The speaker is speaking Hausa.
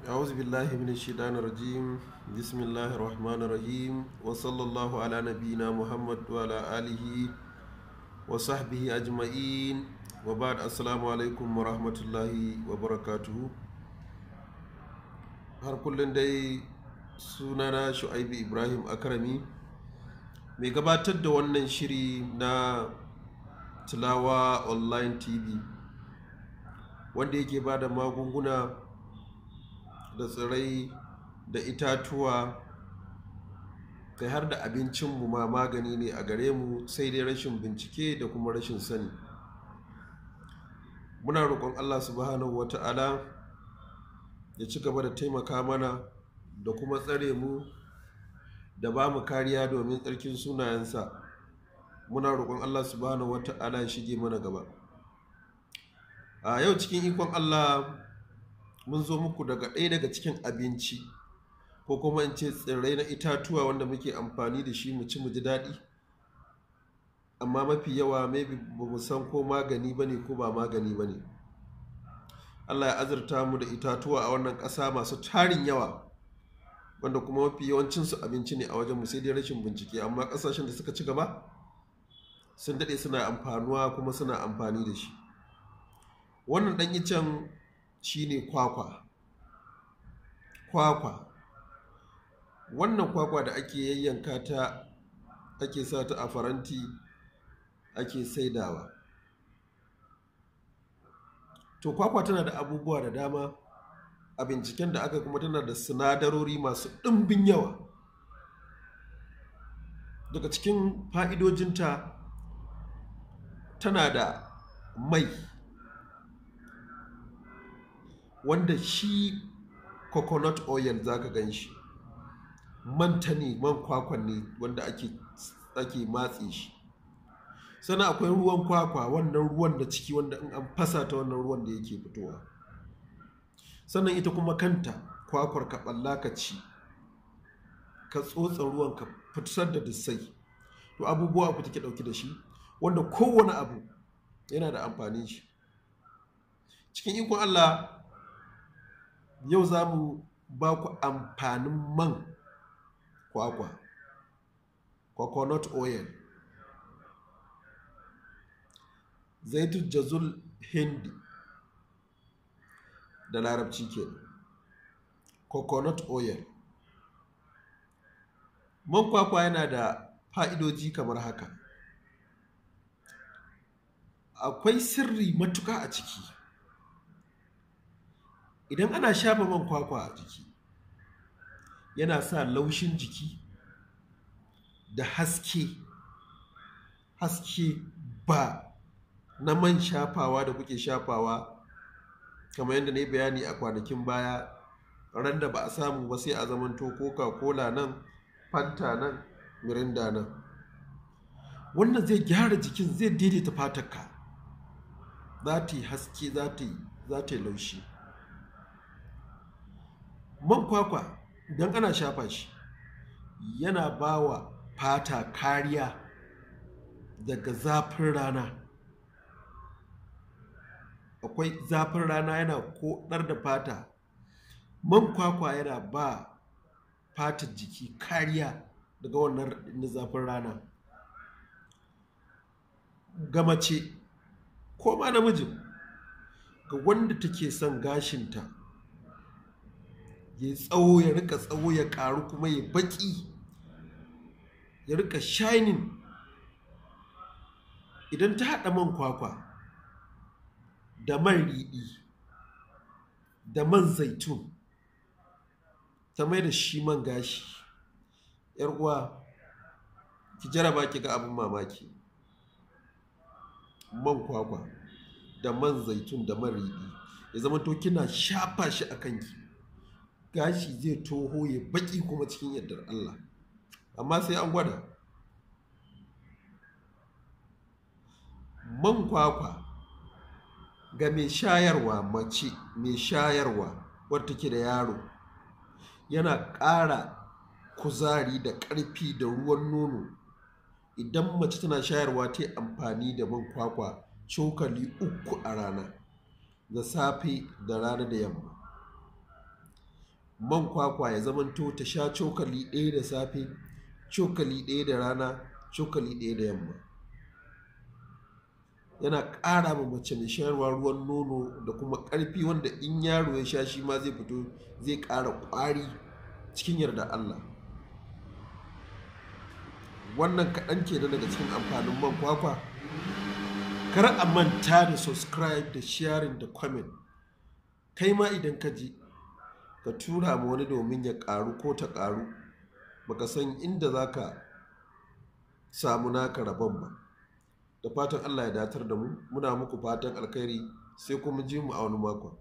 أعوذ بالله من الشيطان الرجيم بسم الله الرحمن الرحيم وصلى الله على نبينا محمد وعلى آله وصحبه أجمعين وبعد السلام عليكم ورحمة الله وبركاته har kullum dai sunana shu'aibu ibrahim akarami mai gabatar da wannan shiri na tilawa online tv wanda yake ba da magunguna da tsirai da itatuwa kai har da abincinmu ma magani ne a gare mu sai dai rashin bincike da kuma rashin sani muna roƙon allah subhanahu wa ta'ala ya ci gaba da taimaka mana da kuma tsare mu da ba mu kariya domin tsarkin sunayensa muna roƙon allah subhanahu wa ta'ala shige mana gaba a yau cikin ikon allah mun zo muku daga ɗaya daga cikin abinci ko kuma in ce tsirrai na itatuwa wanda muke amfani da shi mu ci mu ji daɗi amma mafi yawa maybe ba mu san ko magani ba ne ko ba magani ba ne allah ya azurta mu da itatuwa a wannan ƙasa masu tarin yawa wanda kuma mafi yawancinsu abinci ne a wajen mu sai dai rashin bincike amma ƙasashen da suka ci gaba sun daɗe suna amfanuwa kuma suna amfani da shi wannan ɗan icen shine kwakwa kwakwa wannan kwakwa da ake yayyanka ta ake sa ta a faranti ake saidawa to kwakwa tana da abubuwa da dama a binciken da aka kuma tana da sinadarori masu ɗumbin yawa daga cikin fa'idojinta tana da mai wanda shi coconut oil za ka gan shi man ne man kwakwan ne wanda ake, ake matse shi sannan akwai ruwan kwakwa wannan ruwan da ciki wanda in an fasa ta wannan ruwan da yake fitowa sannan ita kuma kanta kwakwar ka ɓalla ka ci ka tsotsa ruwan ka fitar da dissai to abubuwa ku take ɗauki da shi wanda kowane abu yana da amfanin shi cikin ikon allah yau za mu ba ku amfanin man kwakwa coconut oil zaitun jazul hindi da larabci ke coconut oil man kwakwa yana da fa'idoji kamar haka akwai sirri matuka a ciki idan ana shafa man kwakwa a jiki yana sa laushin jiki da haske haske ba na man shafawa da kuke shafawa kamar yadda na yi bayani a kwanakin baya ran da ba a samu ba sai a zamanto coca-cola nan fanta nan mirinda nan wannan zai gyara jikin zai daidaita fatarka za ta yi haske za ta yi laushi man kwakwa idan ana shafa shi yana ba wa fata kariya daga zafin rana akwai zafin rana yana ko koɗar da fata man kwakwa yana ba fata jiki kariya daga wannan zafin rana ga mace ko ma namijin ga wanda take son gashinta ya tsawo ya rika tsawo ya karu kuma ya baki ya rika shining idan ta haɗa man kwakwa da man riɗi da man zaitun ta mai da shi man gashi yar uwa ki jaraba ki ga abin mamaki man kwakwa da man zaitun da man riɗi ya zama to kina shafa shi a kanki gashi zai toho ya baki kuma cikin yardar Allah amma sai an gwada man kwakwa ga mai shayarwa mace mai shayarwa wadda ke da yaro yana ƙara kuzari da ƙarfi da ruwan nono idan mace tana shayarwa ta amfani da man kwakwa cokali uku a rana da safe da rana da yamma man kwakwa ya zamanto ta sha cokali ɗaya da safe cokali ɗaya da rana cokali ɗaya da yamma yana ƙara ma mace mai shayarwa ruwan nono da kuma ƙarfi wanda in yaro ya sha shi ma zai fito zai ƙara ƙwari cikin yarda Allah wannan kaɗan ke daga cikin amfanin man kwakwa kar a manta da subscribe da sharing da comment kai ma idan ka ji ka tura ma wani domin ya ƙaru ko ta ƙaru baka san inda za ka samu naka rabon ba da fatan allah ya datar da mu muna muku fatan alkhairi sai kuma ji mu a wani makon